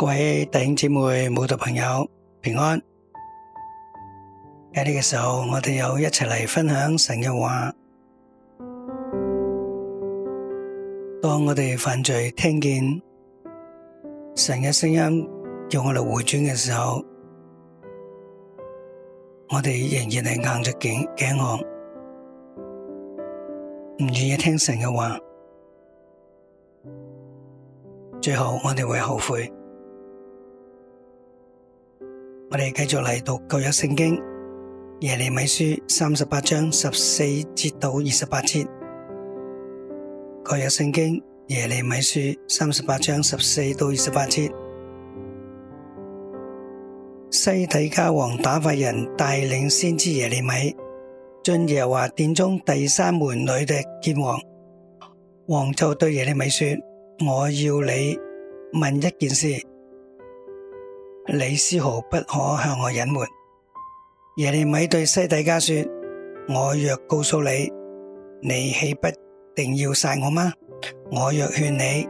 各位弟兄姊妹、慕道朋友平安。喺呢個時候，我哋又一齊嚟分享神嘅話。當我哋犯罪，聽見神嘅聲音叫我嚟回轉嘅時候，我哋仍然係硬住頸頸項，唔願意聽神嘅話。最後，我哋會後悔。我哋繼續嚟讀舊約聖經耶利米書三十八章十四節到二十八節。舊約聖經耶利米書三十八章十四到二十八節。西底家王打發人帶領先知耶利米進耶華殿中第三門裏嘅見王。王就對耶利米說：我要你問一件事。你絲毫不可向我隱瞞。耶利米對西底家說：我若告訴你，你豈不定要殺我嗎？我若勸你，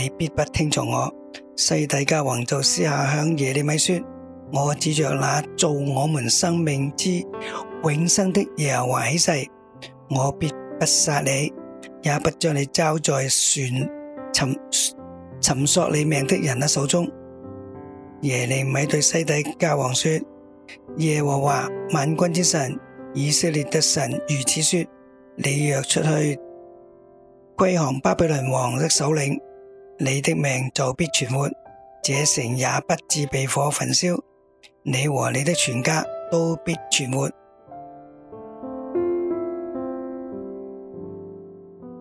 你必不聽從我。西底家王就私下向耶利米說：我指着那造我們生命之永生的耶和華起誓，我必不殺你，也不將你交在尋尋尋索你命的人的手中。耶利米對西底家王說：耶和華萬軍之神、以色列的神如此說：你若出去歸降巴比倫王的首領，你的命就必存活，這城也不至被火焚燒，你和你的全家都必存活。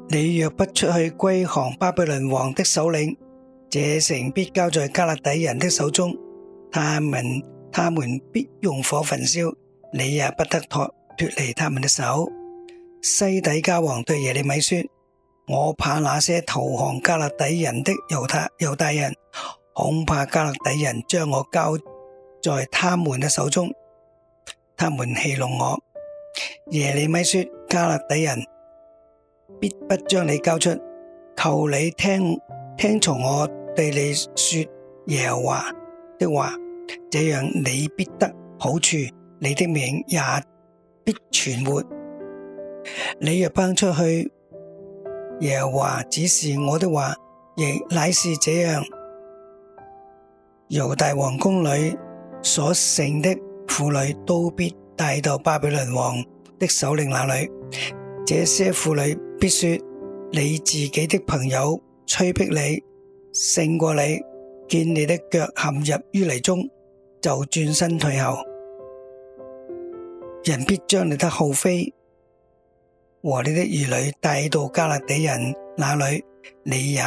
你若不出去歸降巴比倫王的首領，這城必交在加勒底人的手中，他們他們必用火焚燒，你也不得脱脫離他們的手。西底家王對耶利米說：我怕那些投降加勒底人的猶太猶大人，恐怕加勒底人將我交在他們的手中，他們戲弄我。耶利米說：加勒底人必不將你交出，求你聽聽從我，對你說耶和華的話，這樣你必得好處，你的名也必存活。你若奔出去，耶和華指示我的話，亦乃是這樣。猶大王宮裏所剩的婦女，都必帶到巴比倫王的首領那裏。這些婦女必說：你自己的朋友催逼你。勝過你，見你的腳陷入淤泥中，就轉身退後。人必將你的后妃和你的兒女帶到加勒底人那裏，你也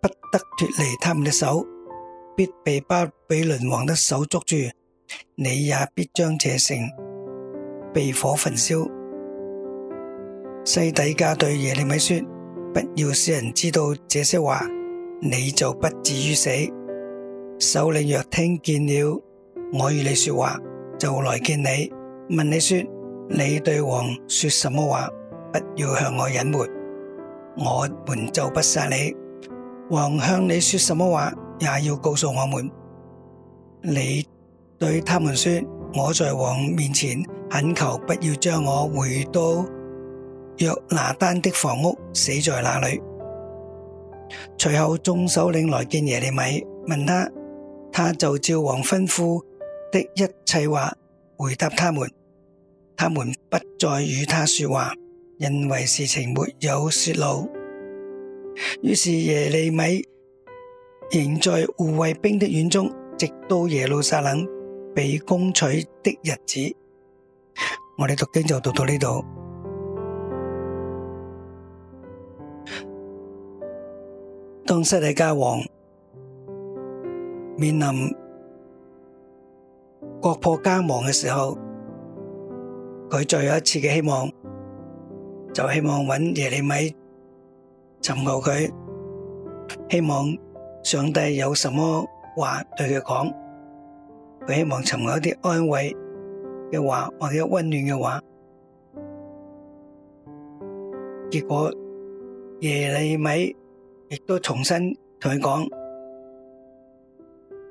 不得脫離他們的手，必被巴比倫王的手捉住。你也必將這城被火焚燒。西底家對耶利米說：不要使人知道這些話。你就不至於死。首領若聽見了我與你說話，就來見你，問你說：你對王說什麼話？不要向我隱瞞，我們就不殺你。王向你說什麼話，也要告訴我們。你對他們說：我在王面前懇求，不要將我回到約拿單的房屋，死在那裡。隨後眾首領來見耶利米，問他，他就照王吩咐的一切話回答他們。他們不再與他說話，因為事情沒有洩露。於是耶利米仍在護衛兵的院中，直到耶路撒冷被攻取的日子。我哋讀經就讀到呢度。當失利家亡，面臨國破家亡嘅時候，佢最後一次嘅希望，就希望搵耶利米尋求佢，希望上帝有什麼話對佢講，佢希望尋求一啲安慰嘅話或者温暖嘅話，結果耶利米。亦都重新同佢講，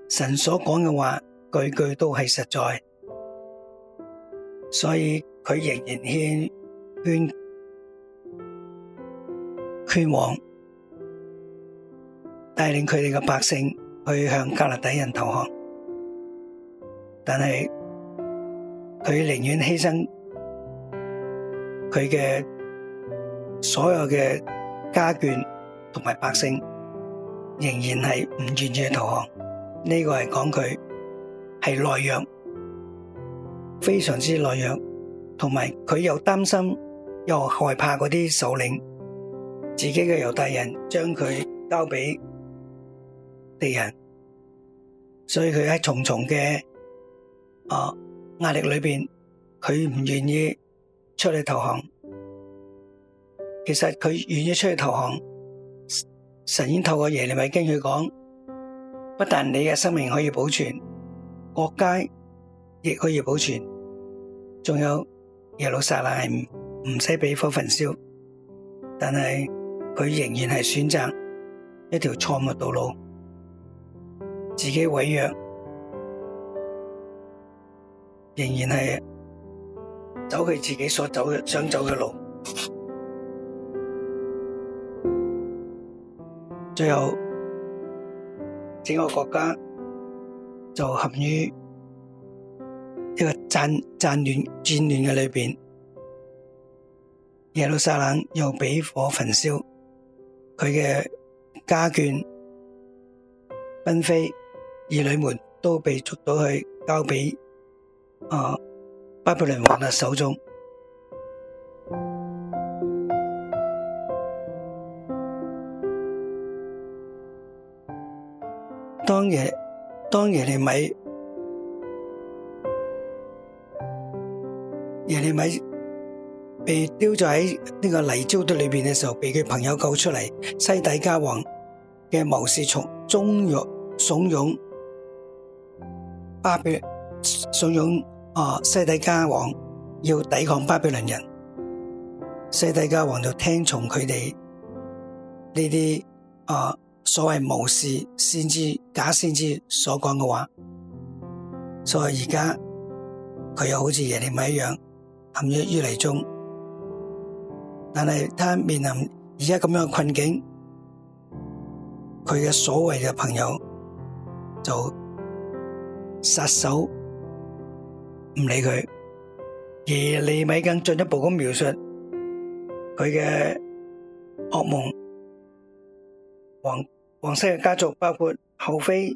神所講嘅話句句都係實在，所以佢仍然勸勸勸王帶領佢哋嘅百姓去向迦勒底人投降，但係佢寧願犧牲佢嘅所有嘅家眷。同埋百姓仍然係唔願意投降，呢、這個係講佢係懦弱，非常之懦弱，同埋佢又擔心又害怕嗰啲首領，自己嘅猶大人將佢交俾敵人，所以佢喺重重嘅啊壓力裏邊，佢唔願意出去投降。其實佢願意出去投降。神已經透過耶利米經佢講，不但你嘅生命可以保存，國家亦可以保存。仲有耶路撒冷係唔使俾火焚燒，但係佢仍然係選擇一條錯誤道路，自己毀約，仍然係走佢自己所走嘅想走嘅路。最後，整個國家就陷於一個戰亂、戰亂嘅裏面。耶路撒冷又被火焚燒，佢嘅家眷、嬪妃、兒女們都被捉到去交畀、啊、巴布倫王的手中。當耶當耶利米，耶利米被丟在喺呢個泥沼裏面嘅時候，被佢朋友救出嚟。西底家王嘅謀士從中約慫恿巴比慫恿啊，西底家王要抵抗巴比倫人。西底家王就聽從佢哋呢啲啊。所謂無事先知、假先知所講嘅話，所以而家佢又好似耶利米一樣陷入淤泥中，但係他面臨而家咁樣嘅困境，佢嘅所謂嘅朋友就撒手唔理佢，耶利米更進一步咁描述佢嘅噩夢。王室嘅家族包括后妃、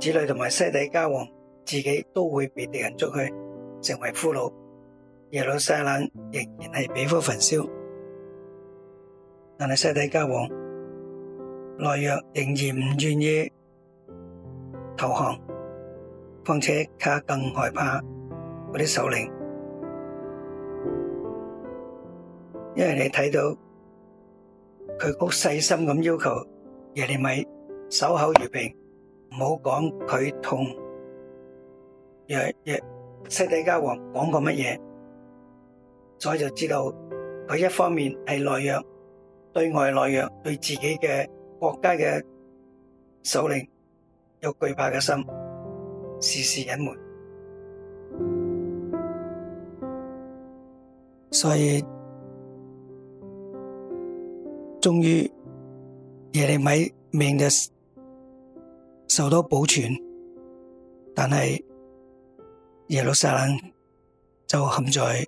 子女同埋西底家王，自己都會被敵人捉去，成為俘虜。耶路撒冷仍然係被火焚燒，但係西底家王內約仍然唔願意投降，況且佢更害怕嗰啲首領，因為你睇到。佢好細心咁要求耶利米守口如瓶，唔好講佢同約約西底家王講過乜嘢，所以就知道佢一方面係懦弱，對外懦弱，對自己嘅國家嘅首領有懼怕嘅心，時時隱瞞，所以。終於，耶利米命，就受到保存，但係耶路撒冷就陷在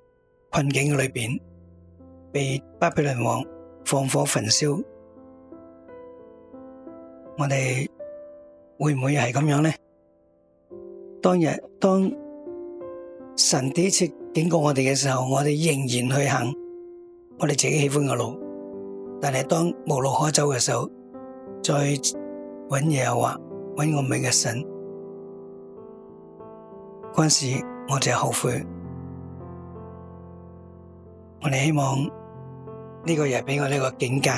困境裏邊，被巴比倫王放火焚燒。我哋會唔會係咁樣呢？當日當神第一次警告我哋嘅時候，我哋仍然去行我哋自己喜歡嘅路。但係當無路可走嘅時候，再搵嘢嘅話搵我美嘅神，嗰時我就後悔。我哋希望呢個又俾我呢個境界，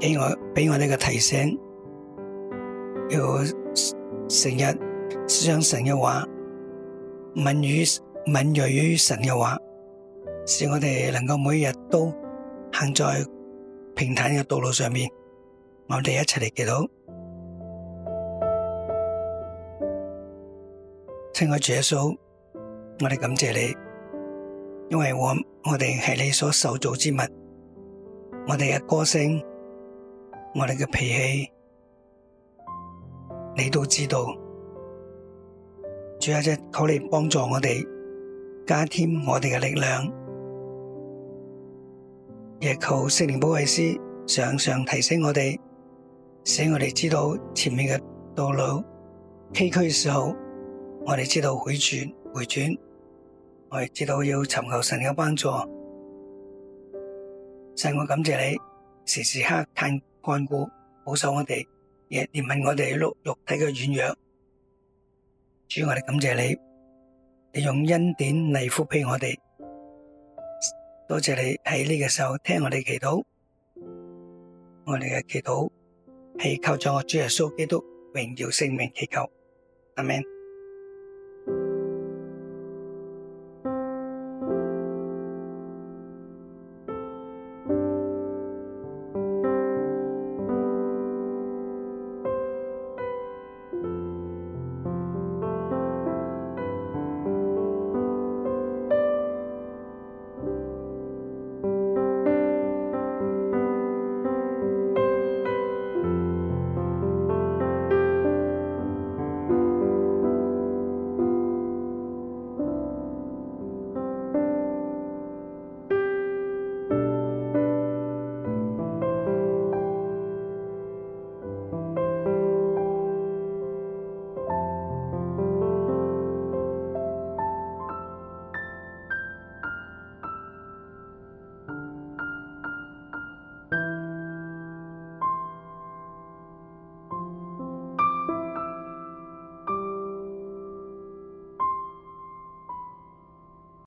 俾我俾我呢個提醒，要成日想神嘅話，敏於敏銳於神嘅話，使我哋能夠每日都。行在平坦嘅道路上面，我哋一齊嚟祈禱。親愛主耶穌，我哋感謝你，因為我我哋係你所受造之物，我哋嘅歌聲、我哋嘅脾氣，你都知道。主耶穌，求你幫助我哋，加添我哋嘅力量。也求聖靈保惠師常常提醒我哋，使我哋知道前面嘅道路崎嶇嘅時候，我哋知道回轉回轉，我哋知道要尋求神嘅幫助。使我感謝你時時刻看看顧，顧，顧保守我哋，也憐憫我哋碌肉體嘅軟弱。主我哋感謝你，你用恩典嚟覆庇我哋。多謝你喺呢個時候聽我哋祈禱，我哋嘅祈禱係靠咗我主耶穌基督榮耀聖名祈求，阿門。